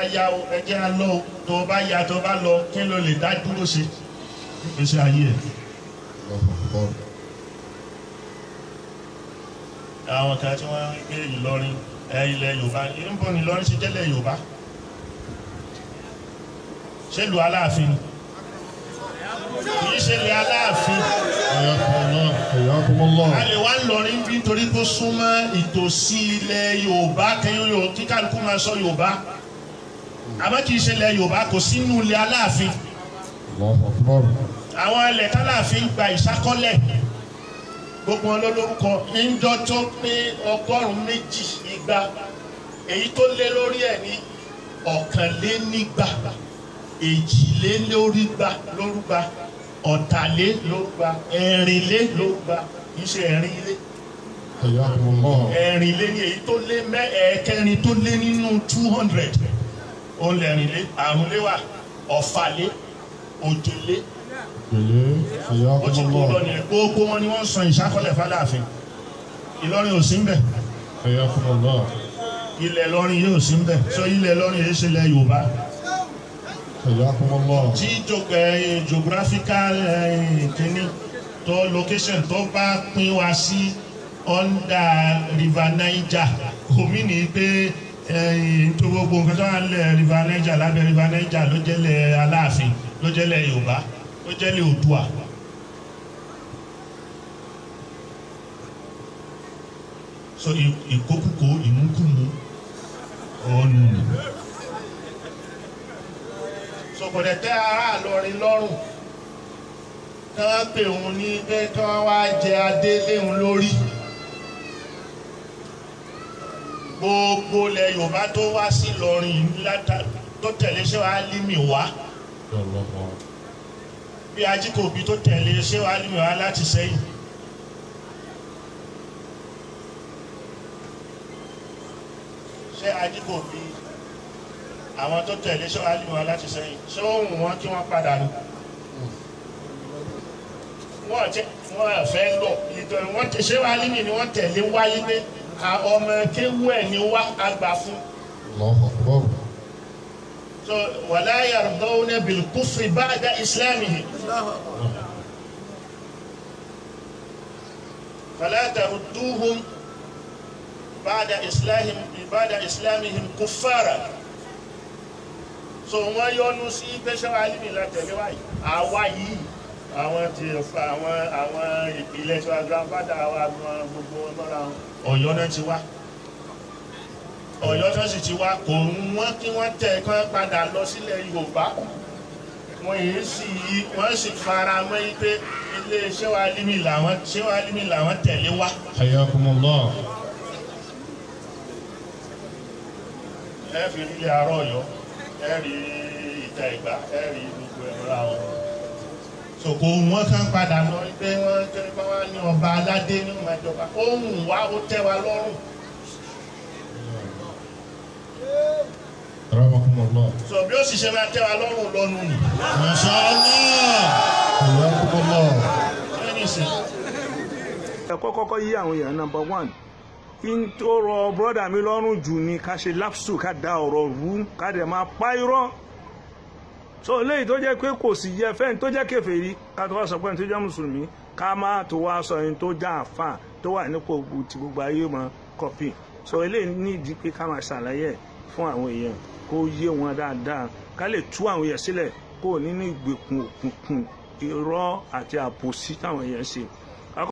á yá o ẹ jẹ́ á o tó o bá yá tó o bá lọ kí ló lè dá dúró ṣe ayé ẹ̀. àwọn kan tí wọ́n ń gbé Ìlọrin ilẹ̀ Yorùbá níbo ni Ìlọrin ṣe jẹ́lẹ̀ Yorùbá ṣé lu Aláàfin ni kì í ṣe lè Aláàfin a lè wá lọrin nítorí tó súnmọ́ ìtòsí ilẹ̀ Yorùbá kí kálukú máa sọ Yorùbá àmọ́ kì í ṣe ilẹ̀ Yorùbá kò sínú ilẹ̀ Aláàfin àwọn ilẹ̀ tálàfin gba ìṣákọ́lẹ̀ gbogbo wọn lórúkọ níjọ tó pé ọgọ́rùn-ún méjì igba èyí tó lé lórí ẹ̀ ní ọ̀kànlénígba èjìlélórígba lórúgba ọ̀tàlélórúgba ẹ̀rìnlélórúgba kì í ṣe ẹ̀rìnlé ẹ̀rìnlé ni èyí tó lé mẹ́ ẹ̀ẹ́kẹrin tó lé nínú two hundred òǹlẹ̀rìnlé àrùnléwà ọ̀fàlé òjòlé ó ti kó lọ nìyẹn gbogbo wọn ni wọ́n sọ ìṣákọ́lẹ̀ fàdáàfin Ìlọrin ò sí ń bẹ̀ ilẹ̀ lọ́rin yóò sí ń bẹ̀ sọ ilẹ̀ lọ́rin yìí ṣe ilẹ̀ Yorùbá tí eh, geographical eh, kìíní tó location tó bá pín wa sí under river Niger omi ni pé ẹ̀yìn tó gbogbo nǹkan tó wà lẹ̀ rìbá nẹ́jà lábẹ́ rìbá nẹ́jà ló jẹ́lẹ̀ aláàfin ló jẹ́lẹ̀ yorùbá ló jẹ́lẹ̀ oòdùà. so ìkókùkò ìmúkùmú ọ̀nù. sọ̀kọ̀dẹ̀ tẹ́ aráàlú ọ̀rin lọ́rùn kán pè òun ní pé kán wá jẹ adé léun lórí. gbogbo ilẹ̀ yorùbá tó wá sí lọ́rin tó tẹ̀lé ṣé wàá límì wá bí ajíkòbí tó tẹ̀lé ṣé wàá límì wá láti sẹ́yìn. ṣé ajíkòbí àwọn tó tẹ̀lé ṣé wàá límì wá láti sẹ́yìn ṣé ó wù wọ́n kí wọ́n padà ní. Hmm. wọ́n fẹ́ lọ ìtọ́ wọ́n ṣé wàá límì ni wọ́n tẹ̀lé wáyé pé ọmọ kéwú ẹ̀ ni wá agbà fún. so wàlá yardawna bil kufri ba'da islamihi. fala tarudduhum ba'da islahim ba'da islamihim kuffara so wọ́n yọnu sí pẹ́sẹ́ wa alimi yìí àwa yìí àwọn ti ọ̀fà àwọn àwọn ìpìlẹ̀ ṣọ́gbàfádà wa gan gbogbo wọn mọ́ra wọn. ọ̀yọ́ náà ti wá ọ̀yọ́ tó sì ti wá kò wọ́n kí wọ́n tẹ̀ kán padà lọ sílẹ̀ yorùbá wọ́n yìí sì yí wọ́n sì fara mọ́ yí pé ilé ṣéwà alimi làwọn ṣéwà alimi làwọn tẹ̀lé wá. Hayyakumullah. ẹ fi ilé arọ ọ̀yọ́ ẹ rí ìta ìgbà ẹ rí gbogbo ẹ̀rọ àwọn sòkò wọn kàn padà lọ pé wọn kẹrin bá wà ní ọba aládé ní ọmọ ìjọba ó ń wá ó tẹ́ wa lọ́rùn. sọ bí ó sì ṣe máa tẹ́ wa lọ́rùn lọ́nu nì. masha Allah. ramakumọlọ. ẹ̀kọ́ kọ́kọ́ yí àwọn èèyàn number one in tó rọ brọ́dà mi lọ́rùn jù ni ká ṣe lapsu ká da ọ̀rọ̀ rú ká dẹ̀ máa pa irọ́ so eléyìí tó jẹ́ pé kò sì yẹ fẹ́ni tó jẹ́ kèfèrí ká tó wá sọ pé ẹni tó jẹ́ mùsùlùmí ká má tó wá sọ ẹni tó já àfáà tó wà nípò ti gbogbo ayé mọ kọfí so eléyìí nídìí pé ká máa ṣàlàyé fún àwọn èèyàn kó yé wọn dáadáa ká lè tú àwọn èèyàn sílẹ̀ kó nínú ìgbèkùn òkùnkùn irọ́ àti àpòsí táwọn èèyàn ṣe